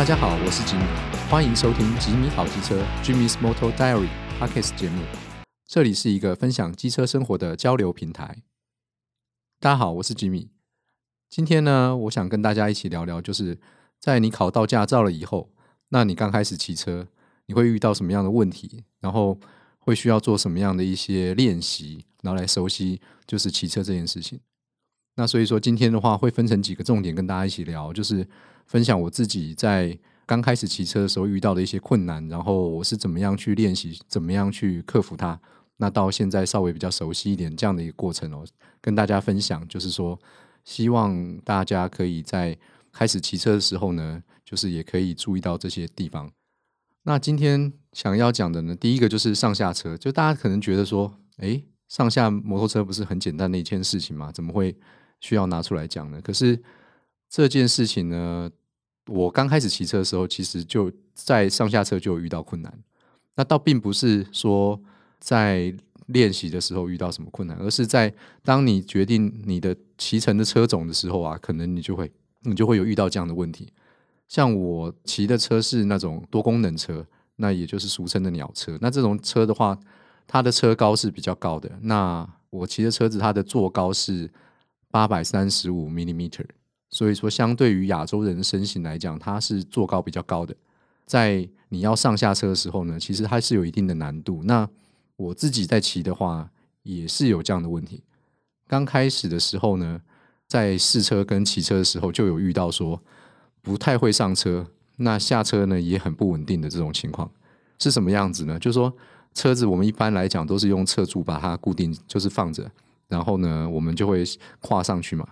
大家好，我是吉米，歡迎收聽《吉米好機車》（Jimmy's Moto Diary） Podcast 節目。這裡是一個分享機車生活的交流平台。大家好，我是吉米。今天呢，我想跟大家一起聊聊，就是在你考到駕照了以後，那你剛開始騎車，你會遇到什麼樣的問題？然後會需要做什麼樣的一些練習，然後來熟悉就是騎車這件事情。那所以說，今天的話會分成幾個重點跟大家一起聊，就是。分享我自己在剛開始騎車的時候遇到的一些困難，然後我是怎麼樣去練習，怎麼樣去克服它。那到現在稍微比較熟悉一點這樣的一個過程哦，跟大家分享，就是說希望大家可以在開始騎車的時候呢，就是也可以注意到這些地方。那今天想要講的呢，第一個就是上下車，就大家可能覺得說，誒，上下摩托車不是很簡單的一件事情嗎？怎麼會需要拿出來講呢？可是這件事情呢，我剛開始騎車的時候，其實就在上下車就有遇到困難。那倒並不是說在練習的時候遇到什麼困難，而是在當你決定你的騎乘的車種的時候啊，可能你就會你就會有遇到這樣的問題。像我騎的車是那種多功能車，那也就是俗稱的鳥車。那這種車的話，它的車高是比較高的。那我騎的車子，它的座高是八百三十五所以說，相對於亞洲人的身形來講，它是坐高比較高的，在你要上下車的時候呢，其實它是有一定的難度。那我自己在騎的話，也是有這樣的問題。剛開始的時候呢，在試車跟騎車的時候，就有遇到說不太會上車，那下車呢也很不穩定的這種情況。是什麼樣子呢？就是說，車子我們一般來講都是用側柱把它固定，就是放着，然後呢，我們就會跨上去嘛。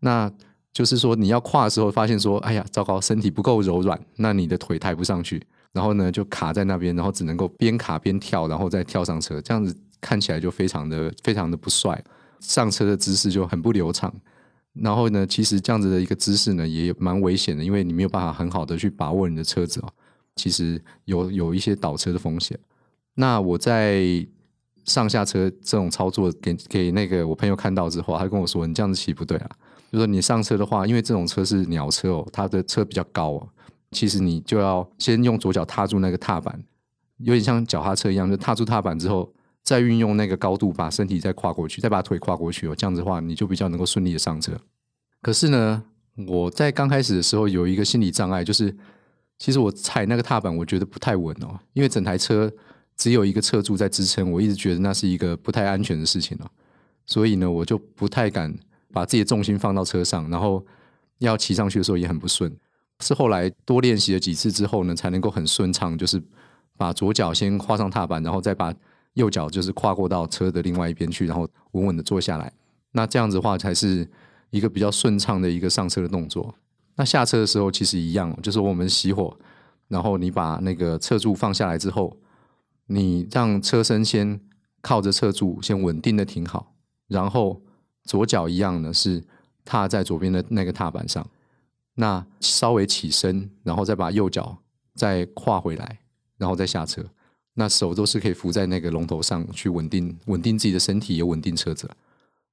那就是說，你要跨的時候，發現說，哎呀，糟糕，身體不夠柔軟，那你的腿抬不上去，然後呢就卡在那邊，然後只能夠邊卡邊跳，然後再跳上車，這樣子看起來就非常的非常的不帥，上車的姿勢就很不流暢。然後呢，其實這樣子的一個姿勢呢，也，也蠻危險的，因為你沒有辦法很好的去把握你的車子哦。其實有有一些倒車的風險。那我在上下車這種操作給給那個我朋友看到之後，他跟我說：“你這樣子騎不對啊。”就說你上車的話，因為這種車是鳥車哦，它的車比較高哦，其實你就要先用左腳踏住那個踏板，有點像腳踏車一樣，就踏住踏板之後，再運用那個高度把身體再跨過去，再把腿跨過去哦，這樣子的話你就比較能夠順利的上車。可是呢，我在剛開始的時候有一個心理障礙，就是其實我踩那個踏板，我覺得不太穩哦，因為整台車只有一個側柱在支撐，我一直覺得那是一個不太安全的事情哦，所以呢，我就不太敢。把自己的重心放到車上，然後要騎上去的時候也很不順，是後來多練習了幾次之後呢，才能夠很順暢。就是把左腳先跨上踏板，然後再把右腳就是跨過到車的另外一邊去，然後穩穩的坐下來。那這樣子的話才是一個比較順暢的一個上車的動作。那下車的時候其實一樣，就是我們熄火，然後你把那個側柱放下來之後，你讓車身先靠着側柱先穩定的停好，然後。左腳一樣呢，是踏在左邊的那個踏板上，那稍微起身，然後再把右腳再跨回來，然後再下車。那手都是可以扶在那個龍頭上去穩定，穩定自己的身體，也穩定車子。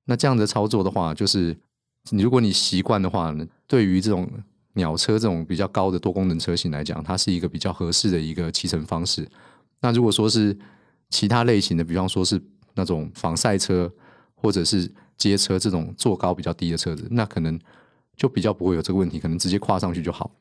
那這樣的操作的話，就是你如果你習慣的話，對於這種鳥車這種比較高的多功能車型來講，它是一個比較合適的一個騎乘方式。那如果說是其他類型的，比方說是那種仿賽車，或者是街車這種坐高比較低的車子，那可能就比較不會有這個問題，可能直接跨上去就好。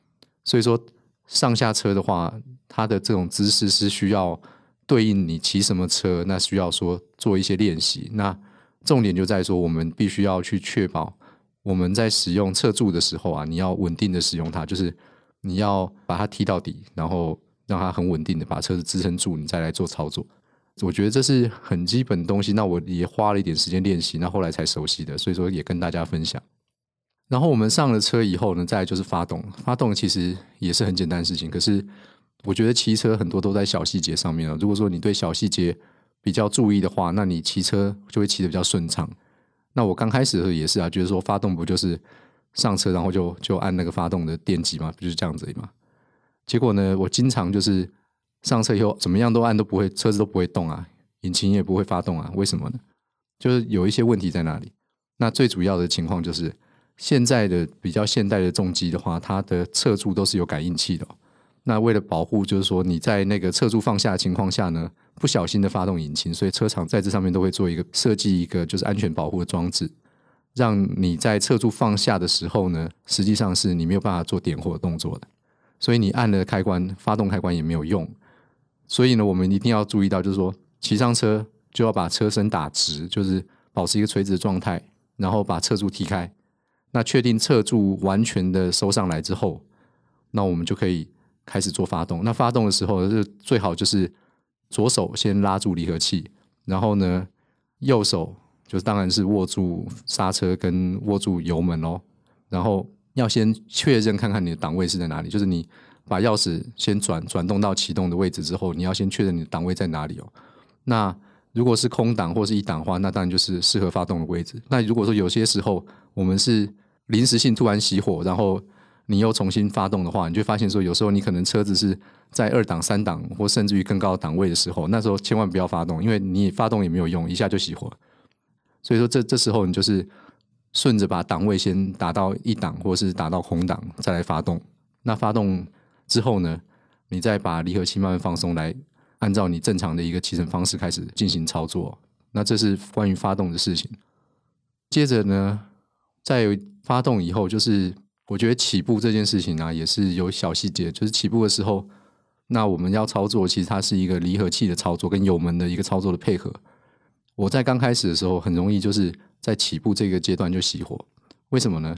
所以說上下車的話，它的這種姿勢是需要對應你騎什麼車，那需要說做一些練習。那重點就在說，我們必須要去確保我們在使用側柱的時候啊，你要穩定的使用它，就是你要把它踢到底，然後讓它很穩定的把車子支撐住，你再來做操作。我覺得這是很基本東西，那我也花了一點時間練習，那後來才熟悉的，所以說也跟大家分享。然後我們上了車以後呢，再來就是發動，發動其實也是很簡單的事情。可是我覺得騎車很多都在小細節上面啊，如果說你對小細節比較注意的話，那你騎車就會騎得比較順暢。那我剛開始的時候也是啊，覺得說發動不就是上車然後就就按那個發動的電機嘛，不就是這樣子嘛？結果呢，我經常就是。上車以後怎麼樣都按都不會，車子都不會動啊，引擎也不會發動啊，為什麼呢？就是有一些問題在那裡。那最主要的情況就是現在的比較現代的重機的話，它的側柱都是有感應器的哦。那為了保護，就是說你在那個側柱放下的情況下呢，不小心的發動引擎，所以車廠在這上面都會做一個，設計一個就是安全保護的裝置，讓你在側柱放下的時候呢，實際上是你沒有辦法做點火的動作的。所以你按了開關，發動開關也沒有用。所以呢，我們一定要注意到，就是說，騎上車就要把車身打直，就是保持一個垂直的狀態，然後把側柱踢開。那確定側柱完全的收上來之後，那我們就可以開始做發動。那發動的時候，就最好就是左手先拉住離合器，然後呢，右手就當然是握住剎車跟握住油門咯。然後要先確認看看你的檔位是在哪裡，就是你。把鑰匙先轉轉動到啟動的位置之後，你要先確認你的檔位在哪裡哦。那如果是空檔或是一檔的話，那當然就是適合發動的位置。那如果說有些時候我們是臨時性突然熄火，然後你又重新發動的話，你就發現說有時候你可能車子是在二檔、三檔或甚至於更高的檔位的時候，那時候千萬不要發動，因為你發動也沒有用，一下就熄火。所以說這這時候你就是順着把檔位先打到一檔或是打到空檔再來發動，那發動。之後呢，你再把離合器慢慢放鬆來，來按照你正常的一個騎乘方式開始進行操作。那這是關於發動的事情。接着呢，在發動以後，就是我覺得起步這件事情呢、啊，也是有小細節。就是起步的時候，那我們要操作，其實它是一個離合器的操作跟油門的一個操作的配合。我在剛開始的時候，很容易就是在起步這個階段就熄火。為什麼呢？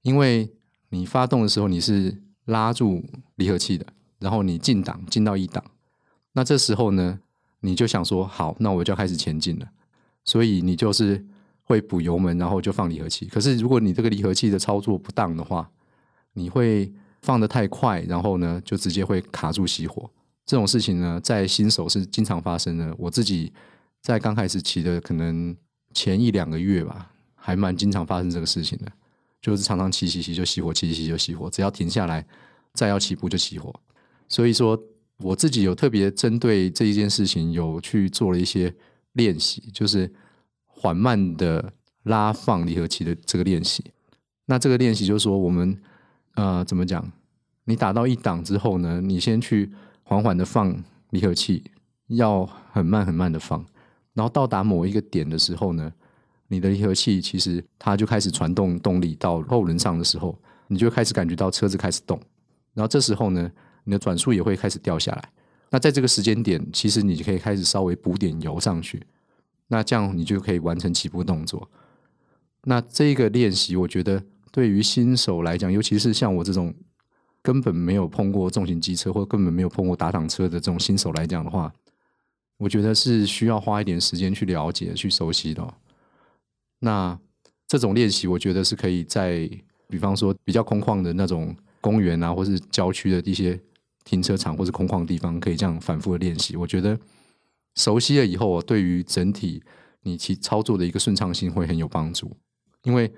因為你發動的時候你是。拉住離合器的，然後你進檔進到一檔，那這時候呢，你就想說好，那我就要開始前進了，所以你就是會補油門，然後就放離合器。可是如果你這個離合器的操作不當的話，你會放得太快，然後呢就直接會卡住熄火。這種事情呢，在新手是經常發生的。我自己在剛開始騎的可能前一兩個月吧，還蠻經常發生這個事情的。就是常常騎騎騎就熄火，騎騎騎就熄火，只要停下來，再要起步就熄火。所以說，我自己有特別針對這一件事情，有去做了一些練習，就是緩慢的拉放離合器的這個練習。那這個練習就是說，我們呃，怎麼講？你打到一檔之後呢，你先去緩緩的放離合器，要很慢很慢的放，然後到達某一個點的時候呢，你的離合器其實它就開始傳動動力到後輪上的時候，你就開始感覺到車子開始動，然後這時候呢，你的轉速也會開始掉下來。那在這個時間點，其實你可以開始稍微補點油上去，那這樣你就可以完成起步動作。那這個練習，我覺得對於新手來講，尤其是像我這種根本沒有碰過重型機車，或根本沒有碰過打擋車的這種新手來講的話，我覺得是需要花一點時間去了解、去熟悉的哦。那這種練習，我覺得是可以在比方說比較空曠的那種公園啊，或是郊區的一些停車場，或是空曠的地方，可以這樣反復的練習。我覺得熟悉了以後，我對於整體你其操作的一個順暢性會很有幫助。因為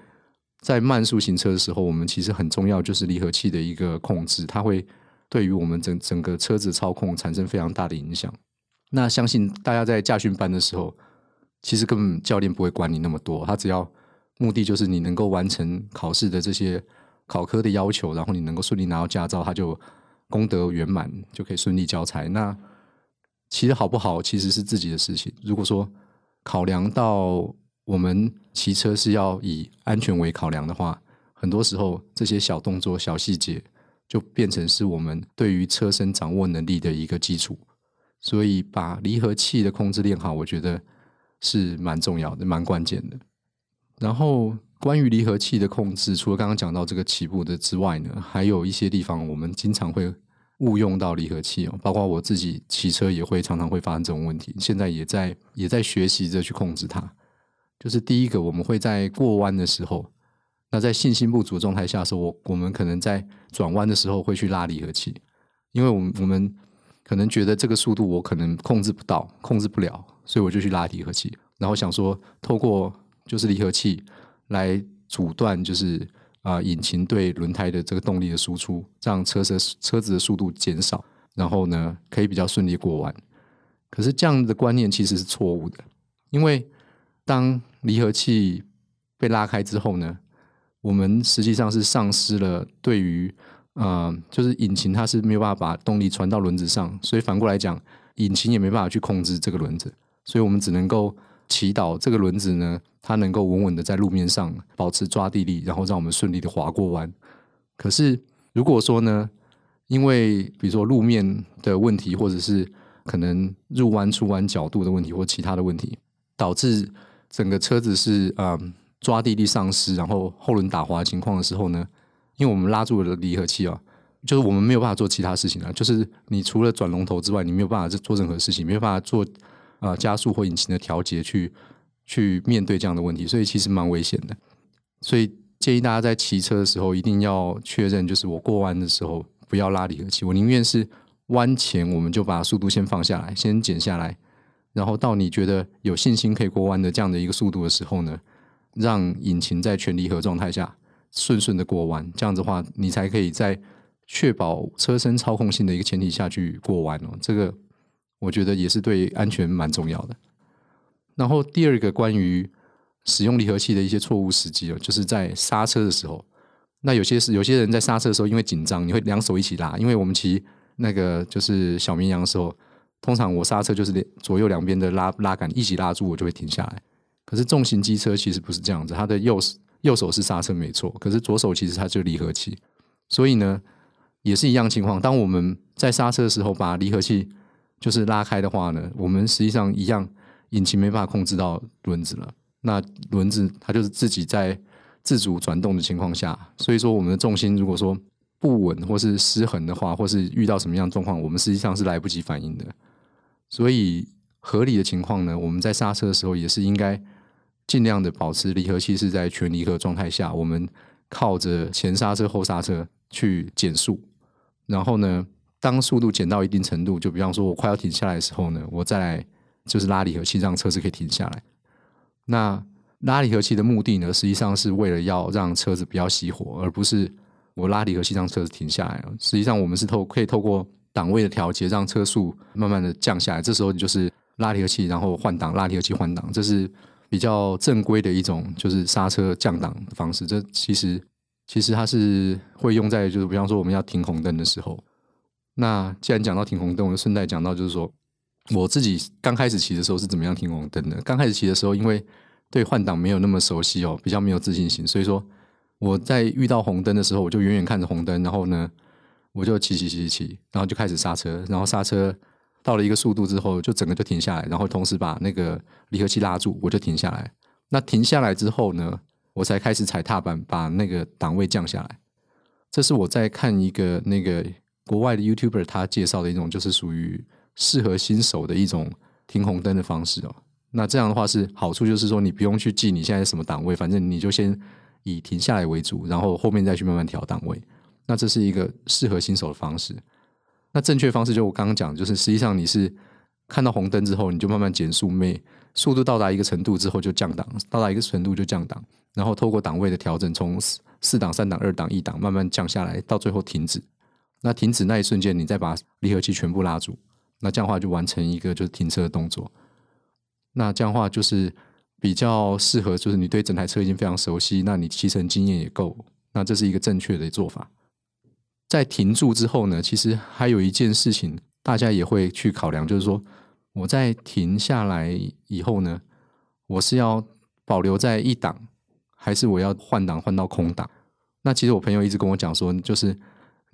在慢速行車的時候，我們其實很重要就是離合器的一個控制，它會對於我們整整個車子操控產生非常大的影響。那相信大家在駕訓班的時候。其實根本教練不會管你那麼多，他只要目的就是你能夠完成考試的這些考科的要求，然後你能夠順利拿到駕照，他就功德圓滿，就可以順利交差。那騎的好不好其實是自己的事情。如果說考量到我們騎車是要以安全為考量的話，很多時候這些小動作、小細節就變成是我們對於車身掌握能力的一個基礎。所以把離合器的控制練好，我覺得。是蠻重要的，蠻關鍵的。然後關於離合器的控制，除了剛剛講到這個起步的之外呢，還有一些地方我們經常會誤用到離合器哦。包括我自己騎車也會常常會發生這種問題。現在也在也在學習着去控制它。就是第一個，我們會在過彎的時候，那在信心不足狀態下的時候，我我們可能在轉彎的時候會去拉離合器，因為我們我們可能覺得這個速度我可能控制不到，控制不了。所以我就去拉離合器，然後想說透過就是離合器來阻斷，就是啊、呃、引擎對輪胎的這個動力的輸出，讓車車車子的速度減少，然後呢可以比較順利過彎。可是這樣的觀念其實是錯誤的，因為當離合器被拉開之後呢，我們實際上是喪失了對於啊、呃、就是引擎它是沒有辦法把動力傳到輪子上，所以反過來講，引擎也沒辦法去控制這個輪子。所以我們只能夠祈禱，這個輪子呢，它能夠穩穩的在路面上保持抓地力，然後讓我們順利的滑過彎。可是如果說呢，因為比如說路面的問題，或者是可能入彎出彎角度的問題，或其他的問題，導致整個車子是嗯抓地力喪失，然後後輪打滑情況的時候呢，因為我們拉住了離合器啊，就是我們沒有辦法做其他事情啊，就是你除了轉龍頭之外，你沒有辦法做任何事情，沒有辦法做。啊、呃，加速或引擎的調節去去面對這樣的問題，所以其實蠻危險的。所以建議大家在騎車的時候，一定要確認，就是我過彎的時候不要拉離合器，我寧願是彎前我們就把速度先放下來，先減下來，然後到你覺得有信心可以過彎的這樣的一個速度的時候呢，讓引擎在全離合狀態下順順的過彎，這樣子的話你才可以在確保車身操控性的一個前提下去過彎哦，這個。我覺得也是對安全蠻重要的。然後第二個關於使用離合器的一些錯誤時機哦，就是在剎車的時候。那有些是有些人在剎車的時候因為緊張，你會兩手一起拉。因為我們騎那個就是小綿羊的時候，通常我剎車就是左右兩邊的拉拉桿一起拉住，我就會停下來。可是重型機車其實不是這樣子，它的右右手是剎車沒錯，可是左手其實它就離合器。所以呢，也是一樣情況。當我們在剎車的時候，把離合器。就是拉開的話呢，我們實際上一樣，引擎沒辦法控制到輪子了。那輪子它就是自己在自主轉動的情況下，所以說我們的重心如果說不穩或是失衡的話，或是遇到什麼樣的狀況，我們實際上是來不及反應的。所以合理的情況呢，我們在剎車的時候也是應該儘量的保持離合器是在全離合狀態下，我們靠着前剎車後剎車去減速，然後呢。當速度減到一定程度，就比方說我快要停下來的時候呢，我再來就是拉離合器，讓車子可以停下來。那拉離合器的目的呢，實際上是為了要讓車子不要熄火，而不是我拉離合器讓車子停下來。實際上我們是透，可以透過檔位的調節，讓車速慢慢的降下來。這時候你就是拉離合器，然後換擋拉離合器換擋這是比較正規的一種就是剎車降檔的方式。這其實其實它是會用在就是比方說我們要停紅燈的時候。那既然講到停紅燈，我就順帶講到，就是說我自己剛開始騎的時候是怎麼樣停紅燈的。剛開始騎的時候，因為對換擋沒有那麼熟悉哦，比較沒有自信心，所以說我在遇到紅燈的時候，我就遠遠看着紅燈，然後呢，我就騎騎騎騎，然後就開始剎車，然後剎車到了一個速度之後，就整個就停下來，然後同時把那個離合器拉住，我就停下來。那停下來之後呢，我才開始踩踏板，把那個檔位降下來。這是我在看一個那個。國外的 YouTuber 他介紹的一種就是屬於適合新手的一種停紅燈的方式哦。那這樣的話是好處就是說，你不用去記你現在什麼檔位，反正你就先以停下來為主，然後後面再去慢慢調檔位。那這是一個適合新手的方式。那正確方式就我剛剛講，就是實際上你是看到紅燈之後，你就慢慢減速，每速度到達一個程度之後就降檔，到達一個程度就降檔，然後透過檔位的調整，從四檔、三檔、二檔、一檔慢慢降下來，到最後停止。那停止那一瞬間，你再把離合器全部拉住，那這樣的話就完成一個就是停車的動作。那這樣的話就是比較適合，就是你對整台車已經非常熟悉，那你騎乘經驗也夠，那這是一個正確的做法。在停住之後呢，其實還有一件事情大家也會去考量，就是說我在停下來以後呢，我是要保留在一檔，還是我要換擋換到空檔？那其實我朋友一直跟我講說，就是。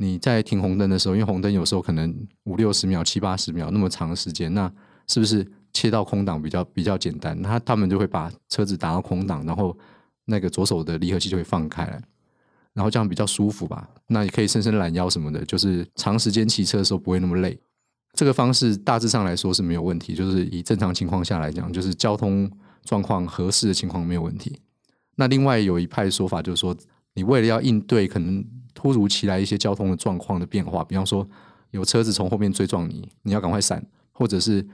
你在停紅燈的時候，因為紅燈有時候可能五六十秒、七八十秒那麼長的時間，那是不是切到空檔比較比較簡單？他他們就會把車子打到空檔，然後那個左手的離合器就會放開了，然後這樣比較舒服吧？那也可以伸伸懶腰什麼的，就是長時間騎車的時候不會那麼累。這個方式大致上來說是沒有問題，就是以正常情況下來講，就是交通狀況合適的情況沒有問題。那另外有一派說法就是說，你為了要應對可能。突如其來一些交通的狀況的變化，比方說有車子從後面追撞你，你要趕快閃；或者是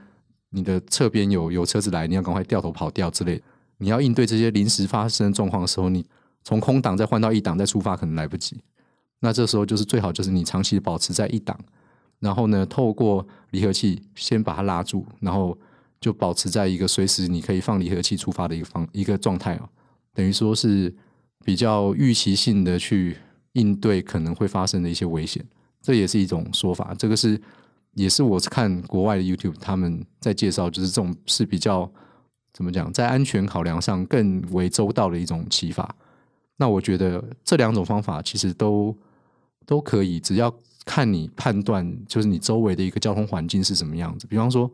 你的側邊有有車子來，你要趕快掉頭跑掉之類。你要應對這些臨時發生狀況的時候，你從空檔再換到一檔再出發可能來不及。那這時候就是最好就是你長期保持在一檔，然後呢，透過離合器先把它拉住，然後就保持在一個隨時你可以放離合器出發的一個方一個狀態啊。等於說是比較預期性的去。應對可能會發生的一些危險，這也是一種說法。這個是也是我看國外的 YouTube 他們在介紹，就是這種是比較怎麼講，在安全考量上更為周到的一種騎法。那我覺得這兩種方法其實都都可以，只要看你判斷，就是你周圍的一個交通環境是什麼樣子。比方說，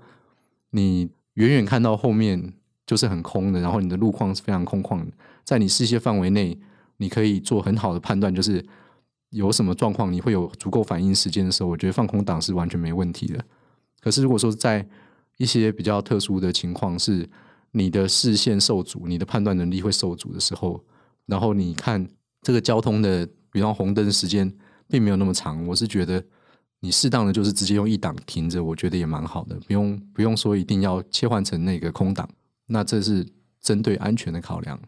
你遠遠看到後面就是很空的，然後你的路況是非常空曠的，在你視線範圍內。你可以做很好的判斷，就是有什麼狀況你會有足夠反應時間的時候，我覺得放空檔是完全沒問題的。可是如果說在一些比較特殊的情況，是你的視線受阻，你的判斷能力會受阻的時候，然後你看這個交通的，比方紅燈時間並沒有那麼長，我是覺得你適當的，就是直接用一檔停着，我覺得也蠻好的，不用不用說一定要切換成那個空檔。那這是針對安全的考量。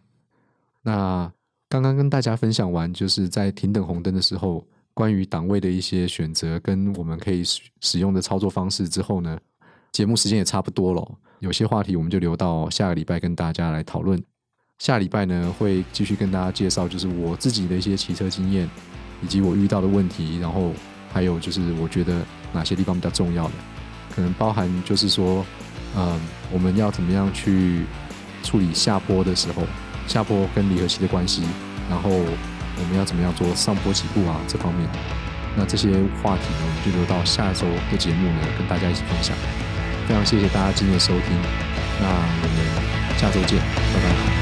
那。剛剛跟大家分享完，就是在停等紅燈的時候，關於檔位的一些選擇跟我們可以使使用的操作方式之後呢，節目時間也差不多了。有些話題我們就留到下個禮拜跟大家來討論。下禮拜呢，會繼續跟大家介紹，就是我自己的一些騎車經驗，以及我遇到的問題，然後還有就是我覺得哪些地方比較重要的，可能包含就是說，嗯，我們要怎麼樣去處理下坡的時候。下坡跟離合器的關係，然後我們要怎麼樣做上坡起步啊這方面，那這些話題呢，我們就留到下周的節目呢，跟大家一起分享。非常謝謝大家今天的收聽，那我們下周見，拜拜。